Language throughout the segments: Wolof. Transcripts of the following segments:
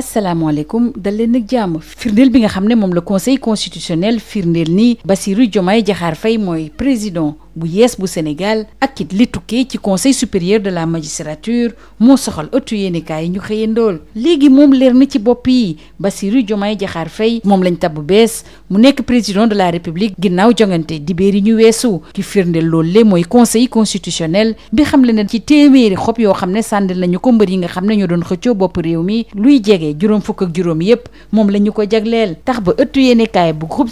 asalaamaaleykum dal leen nag jàmm firndeel bi nga xam ne moom la conseil constitutionnel firndeel ni Bassirou Diomaye Diakhar fay mooy président bu yees bu Sénégal ak it li tukkee ci conseil supérieur de la magistrature moo soxal ëttu yéenekaay yi ñu xëyandool léegi moom leer na ci bopp yi Bassirou Diomaye Diakhar Faye moom lañ tabb bees mu nekk président de la république ginnaaw jongante dibéer yi ñu weesu ki firndeel loolu le mooy conseil constitutionnel bi xam le ne ci téeméeri xob yoo xam ne sàndil nañu ko mbër yi nga xam ne ñoo doon xëccoo bopp réew mi luy jege juróom fukk ak juróom yépp moom la ñu ko jagleel tax ba ëttu yéenekaay bu groupe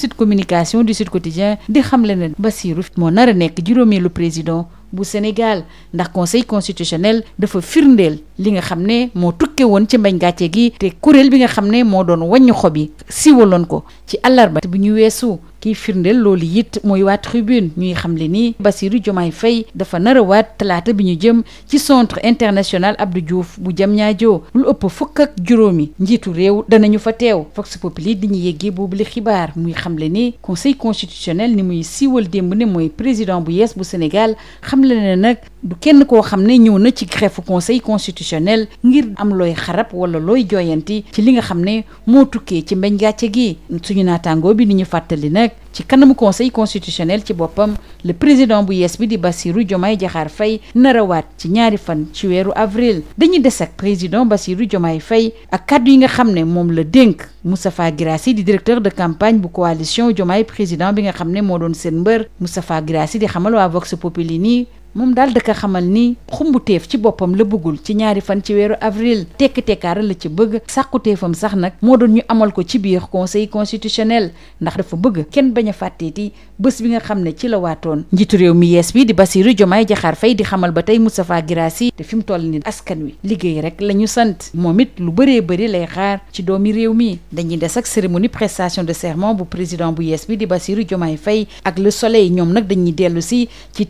Sud di nekk juróomeelu président bu Sénégal ndax conseil constitutionnel dafa firndeel li nga xam ne moo tukkee woon ci mbañ gàcce gi te kuréel bi nga xam ne moo doon wàññi xob yi siwaloon ko ci àllarba bu ñu weesu kiy firndeel loolu it mooy waa tribune ñuy xamle ni Bassirou Diomaye Faye dafa nar waat talaata bi ñu jëm ci centre international Abdou Diouf bu Diamniadio lu ëpp fukk ak juróomi njiitu réew danañu fa teew Vox Populi di ñu yeggee boobu li xibaar muy xamle ni conseil constitutionnel ni muy siiwal démb ne mooy président bu yees bu Sénégal xamle ne nag du kenn koo xam ne ñëw na ci greffe conseil constitutionnel ngir am looy xarab wala looy jooyanti ci li nga xam ne moo tukkee ci mbeñ gàcce gi suñu naataangoo bi ni ñu fàttali nag ci kanamu conseil constitutionnel ci boppam le président bu yees bi di Bassirou Diomaye Diakhar Faye narawaat ci ñaari fan ci weeru avril dañuy des ak président Bassirou Diomaye Faye ak kàddu yi nga xam ne moom la dénk Moustapha Guirassy di directeur de campagne bu coalition Diomaye président bi nga xam ne moo doon seen mbër Moustapha Guirassy di xamal waa Vox Populi nii moom daal da ko xamal ni xumbuteef ci boppam la bëggul ci ñaari fan ci weeru avril tekki tekkaara la ci bëgg sàkkuteefam sax nag moo doon ñu amal ko ci biir conseil constitutionnel ndax dafa bëgg kenn baña a fàtteeti bés bi nga xam ne ci la waatoon njiitu réew mi yees bi di Bassirou Diomaye Diakhar Faye di xamal ba tey Moustapha Guirassy te fi mu toll ni askan wi liggéey rek la ñu sant moom it lu bëree bari lay xaar ci doomi réew mi dañuy des ak cérémonie prestation de serment bu président bu yees bi di Bassirou Diomaye Faye ak le soleil ñoom nag dañuy dellu si ci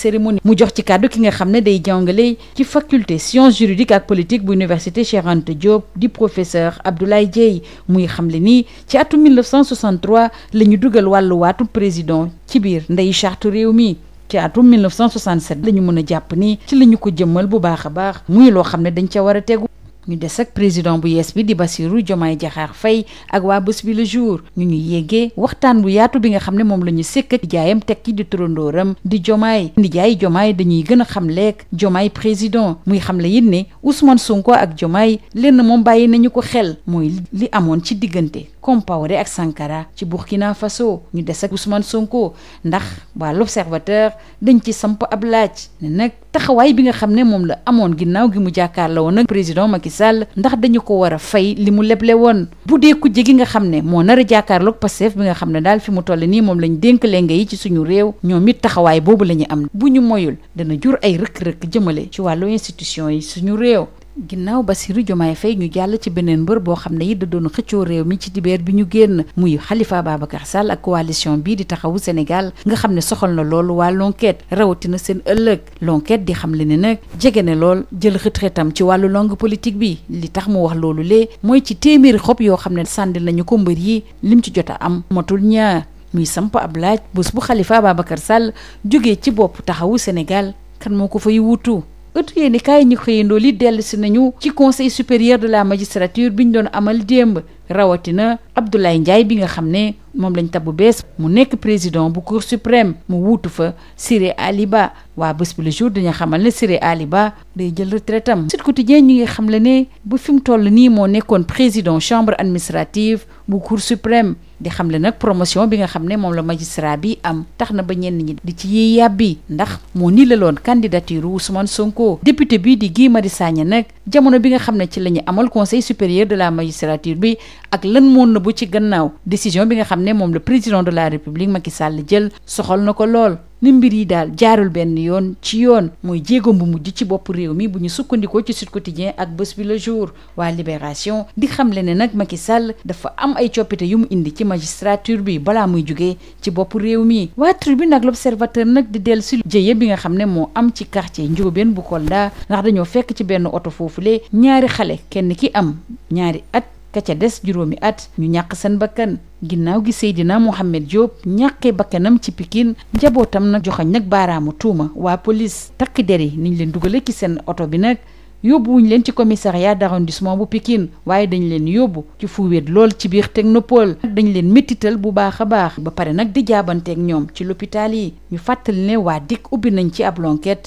cérémonie mu jox ci kàddu ki nga xam ne day jàngale ci faculté sciences juridiques ak politique bu université Cheikh Anta Diop di professeur Abdoulaye Dieye muy xamle ni ci atum 1963 la ñu dugal wàllu waatu président ci biir ndey charte réew mi. ci atum 1967 la ñu mën a jàpp ni ci la ñu ko jëmmal bu baax a baax muy loo xam ne dañ ca war a tegu. ñu des ak président bu yees bi di Bassirou Diomaye Diakhar Faye ak waa bés bi le jour ñu ñu yéegee waxtaan bu yaatu bi nga xam ne moom la ñu sëkk ak jaayam teg ci di turandooram di Diomaye ndi jaay dañuy gën xam leeg Diomaye président muy xam le it ne Ousmane Sonko ak Diomaye lenn moom bàyyi nañu ko xel mooy li amoon ci diggante Compaoré ak Sankara ci Burkina Faso ñu des ak Ousmane Sonko ndax waa l'Observateur dañ ci samp ab laaj ne nag taxawaay bi nga xam ne moom la amoon ginnaaw gi mu jàkkaarloo woon ak président Macky Sall ndax dañu ko war a fay li mu leble woon bu dee ku jege nga xam ne moo nar a jàkkaarloog Pastef bi nga xam ne daal fi mu toll nii moom lañu dénk lenge yi ci suñu réew ñoom it taxawaay boobu la ñu am bu ñu moyul dana jur ay rëkk-rëkk jëmale ci wàllu institution yi suñu réew ginnaaw Bassirou Diomaye Faye ñu jàll ci beneen mbër boo xam ne yit da doon xëccoo réew mi ci dibeer bi ñu génn muy Khalifa Babacar Sall ak coalition bii di taxawu Sénégal nga xam ne soxal na loolu waa l'enquête rawatina seen ëllëg l'enquête di xam le ne nag jege ne lool jël retraitam ci wàllu langue politique bi li tax mu wax loolu lee mooy ci téeméeri xob yoo xam ne sànni nañu ko mbër yi lim ci jot a am matul ñaar muy samp ab laaj bés bu Khalifa Babacar Sall jógee ci bopp taxawu Sénégal kan moo ko fay wutu ëttu yéenekaay yi ñu xëyandoo li dellu si nañu ci conseil supérieur de la magistrature bi ñu doon amal démb rawatina Abdoulaye Ndiaye bi nga xam ne moom lañ tab bu bees mu nekk président bu cour suprême mu wuutu fa Siré Ali Ba waa bés bi le jour dañu xamal ne Siré aliba day jël retraite am Sud Quotidien ñi ngi xam le ne bu fi mu toll nii moo nekkoon président chambre administrative bu cour suprême di xam le nag promotion bi nga xam ne moom la magistrat bi am tax na ba ñenn ñi di ci yee yàbbi ndax moo ni la loon candidature Ousmane Sonko député bi di Guy Marius Sagna nag jamono bi nga xam ne ci la ñu amal conseil supérieur de la magistrature bi ak lan moon moo nëbbu ci gannaaw décision bi nga xam ne moom le président de la république Macky Sall jël soxal na ko lool. ni mbir yi daal jaarul benn yoon ci yoon mooy jéego bu mujj ci bopp réew mi bu ñu sukkandikoo ci Sud Quotidien ak bés bi jour waa Libération di xamle ne nag ma ki Sall dafa am ay coppite yu mu indi ci magistrature bi balaa muy jugee ci bopp réew mi waa Tribune ak L'Observateur nag di dellu si jëye bi nga xam ne moo am ci quartier benn bu Kolda ndax dañoo fekk ci benn oto foofu lee ñaari xale kenn ki am ñaari at ka ca des juróomi at ñu ñàkk seen bakkan ginnaaw gi Seydina Mohamed Diop ñàkkee bakkanam ci Pikine njabootam nag joxañ nag baaraamu tuuma waa polis takk der yi niñ leen dugale ci seen oto bi nag yóbbu yóbbuwuñ leen ci commissariat d'arrondissement bu Pikine waaye dañ leen yóbbu ci fu lool ci biir technopole dañ leen méttital bu baax a baax ba pare nag di jaabanteeg ñoom ci l'hôpital yi ñu fàttali ne waa dikk ubbi nañ ci ab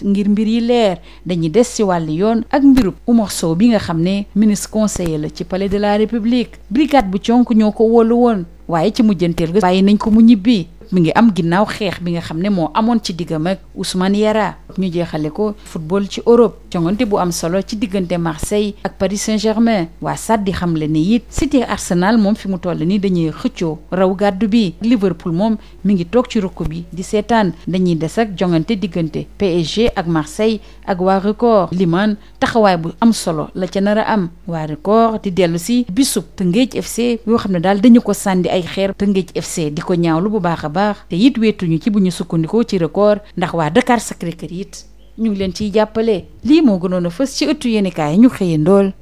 ngir mbir yi leer dañuy des ci wàll yoon ak mbirub Oumar Sow bi nga xam ne ministre conseiller la ci pale de la République brigade bu conk ñoo ko woolu woon waaye ci mujjanteel ga bàyyi nañ ko mu ñibbi mi ngi am ginnaaw xeex bi nga xam ne moo amoon ci diggam ak Ousmane Yara ñu jeexale ko football ci Europe jongante bu am solo ci diggante Marseille ak Paris Saint-Germain waa SAD di xam le ni it City Arsenal moom fi mu toll nii dañuy xëccoo raw gàddu bi Liverpool moom mi ngi toog ci rukk bi di seetaan dañuy des ak jongante diggante PSG ak Marseille ak waa record liman taxawaay bu am solo la ca nar am waa record di dellu si bisub Tëngéej FC yoo xam ne daal dañu ko sànni ay xeer Tëngéej FC di ko ñaawlu bu baax baax te it weetuñu ci bu ñu sukkandikoo ci record ndax waa Dakar Sacré-Cœur it ñu ngi leen ciy jàppale lii moo gënoon a fës ci ëttu yéenekaay yi ñu xëyee ndool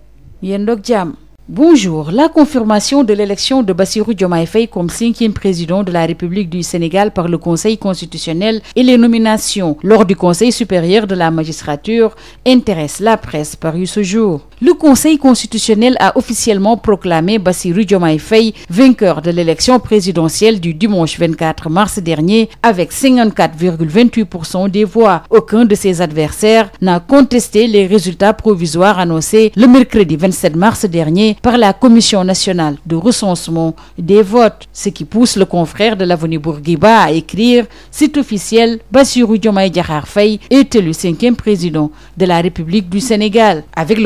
yéen doog jàmm Bonjour. La confirmation de l'élection de Bassirou Diomaye Faye comme cinquième président de la République du Sénégal par le Conseil constitutionnel et les nominations lors du Conseil supérieur de la magistrature intéressent la presse parue ce jour. le Conseil constitutionnel a officiellement proclamé Bassirou Diomaye Faye vainqueur de l'élection présidentielle du dimanche 24 mars dernier avec 54,28% des voix. Aucun de ses adversaires n'a contesté les résultats provisoires annoncés le mercredi 27 mars dernier par la Commission nationale de recensement des votes, ce qui pousse le confrère de l'avenue Bourguiba à écrire c'est officiel, Bassirou Diomaye Diakhar Faye est élu cinquième président de la République du Sénégal. Avec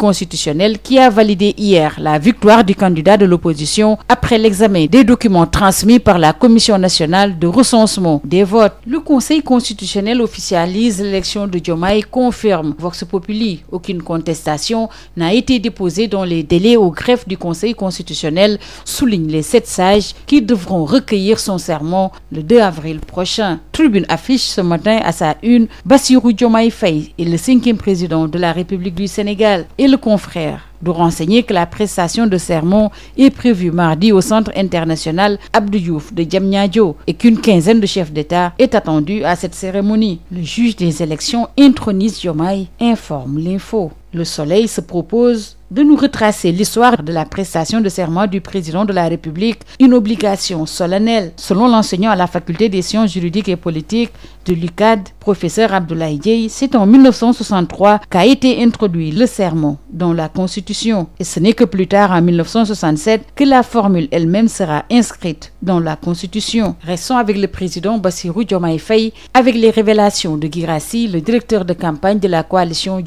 constitutionnel qui a validé hier la victoire du candidat de l'opposition après l'examen des documents transmis par la Commission nationale de recensement des votes. Le Conseil constitutionnel officialise l'élection de Diomaye, confirme Vox Populi. Aucune contestation n'a été déposée dans les délais au greffe du Conseil constitutionnel, soulignent les sept sages qui devront recueillir son serment le 2 avril prochain. Tribune affiche ce matin à sa une Bassirou de la République le confrère de renseigner que la prestation de serment est prévue mardi au Centre international Abdou Diouf de Diamniadio et qu'une quinzaine de chefs d'État est attendue à cette cérémonie. Le juge des élections intronise Diomaye, informe l'info. Le Soleil se propose de nous retracer l'histoire de la prestation de serment du président de la République, une obligation solennelle, selon l'enseignant à la faculté des sciences juridiques et politiques de l'UCAD, professeur Abdoulaye Dieye, c'est en 1963 qu'a été introduit le serment dans la Constitution et ce n'est que plus tard en 1967 que la formule elle-même sera inscrite dans la Constitution. Restons avec le président Bassirou Diomaye Faye avec les révélations de Guirassy, le directeur campagne de la coalition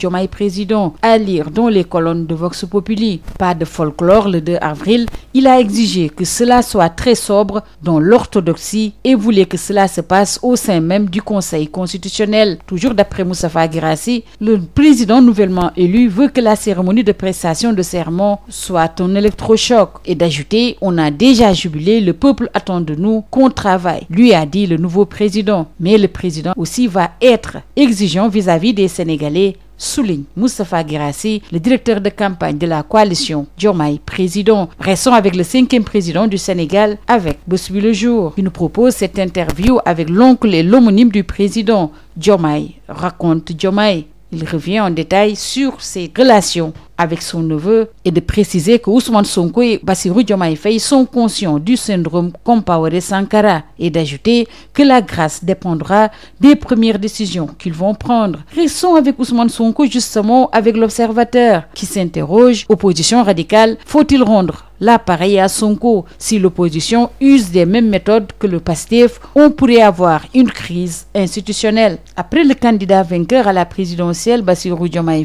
Vox Populi. Pas de folklore le 2 avril, il a exigé que cela soit très sobre dans l'orthodoxie et voulait que cela se passe au sein même du Conseil constitutionnel. Toujours d'après Moustapha Guirassy, le président nouvellement élu veut que la cérémonie de prestation de serment soit un électrochoc et d'ajouter on a déjà jubilé, le peuple attend de nous qu'on travaille, lui a dit le nouveau président. Mais le président aussi va être exigeant vis-à-vis des Sénégalais souligne Moustapha Guirassi, le directeur de campagne de la coalition Diomaye Président. Restons avec le cinquième président du Sénégal avec Bossuit le jour. Il nous propose cette interview avec l'oncle et l'homonyme du président Diomaye, raconte Diomaye. Il revient en détail sur ses relations avec son neveu et de préciser que Ousmane Sonko et Bassirou Diomaye Faye sont conscients du syndrome Compaoré Sankara et d'ajouter que la grâce dépendra des premières décisions qu'ils vont prendre. Restons avec Ousmane Sonko justement avec l'Observateur qui s'interroge opposition radicale, faut-il rendre l'appareil à Sonko si l'opposition use des mêmes méthodes que le PASTEF on pourrait avoir une crise institutionnelle. Après le candidat vainqueur à la présidentielle Bassirou Diomaye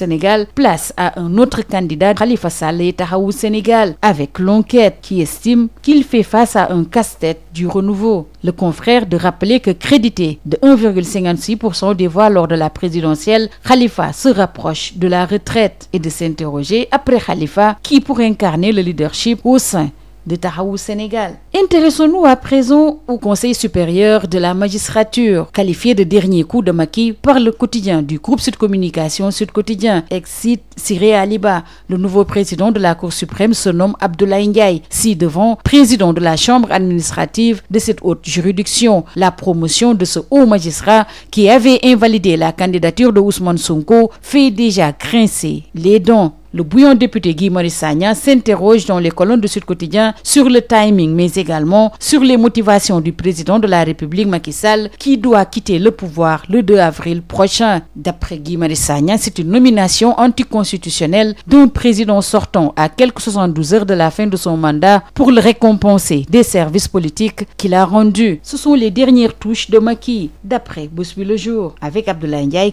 du place à un autre candidat, Khalifa Saleh Tahaou Sénégal, avec l'enquête qui estime qu'il fait face à un casse-tête du renouveau. Le confrère de rappeler que crédité de 1,56% des voix lors de la présidentielle, Khalifa se rapproche de la retraite et de s'interroger après Khalifa qui pourrait incarner le leadership au sein de Taxawu Sénégal. Intéressons-nous à présent au Conseil supérieur de la magistrature, qualifié de dernier coup de Macky par le quotidien du groupe Sud Communication Sud Quotidien. Excite Siré Aliba, le nouveau président de la Cour suprême se nomme Abdoulaye Ndiaye, ci-devant président de la Chambre administrative de cette haute juridiction. La promotion de ce haut magistrat qui avait invalidé la candidature de Ousmane Sonko fait déjà grincer les dents. Le bouillon député Guy Marius s'interroge dans les colonnes de Sud Quotidien sur le timing, mais également sur les motivations du président de la République Macky Sall qui doit quitter le pouvoir le 2 avril prochain. D'après Guy Marius Sagna, c'est une nomination anticonstitutionnelle d'un président sortant à quelques 72 heures de la fin de son mandat pour le récompenser des services politiques qu'il a rendus. Ce sont les dernières touches de Macky, d'après Bosby Le Jour, avec Abdoulaye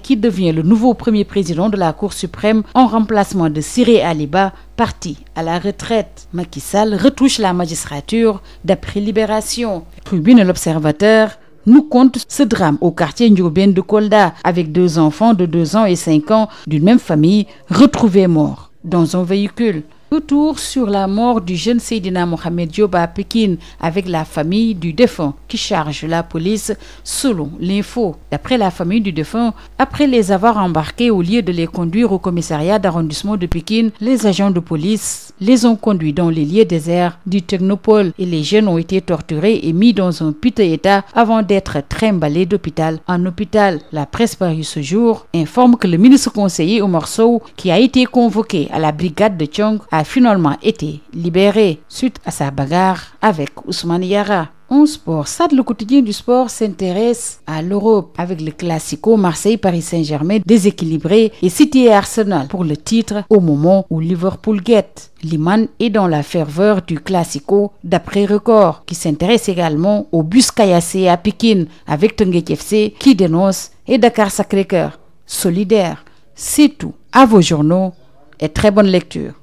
Siré Aliba, parti à la retraite. Macky Sall retouche la magistrature d'après Libération. Tribune L'Observateur nous compte ce drame au quartier Ndiobène de Kolda avec deux enfants de deux ans et 5 ans d'une même famille retrouvés morts dans un véhicule. Retour sur la mort du jeune Seydina Mohamed Diop à Pékin avec la famille du défunt qui charge la police selon l'info. D'après la famille du défunt, après les avoir embarqués au lieu de les conduire au commissariat d'arrondissement de Pékin, les agents de police les ont conduits dans les lieux déserts du Technopole et les jeunes ont été torturés et mis dans un piteux état avant d'être trimballés d'hôpital en hôpital. La presse parue ce jour informe que le ministre conseiller Oumar Sow, qui a été convoqué à la brigade de Thiong, a finalement été libéré suite à sa bagarre avec Ousmane En sport, Sad, le quotidien du sport, s'intéresse à l'Europe avec le Classico Marseille-Paris Saint-Germain déséquilibré et City et Arsenal pour le titre au moment où Liverpool guette. Liman est dans la ferveur du Classico d'après record qui s'intéresse également au bus caillassé à Pékin avec Tenguet FC qui dénonce et Dakar sacré Solidaire, c'est tout. À vos journaux et très bonne lecture.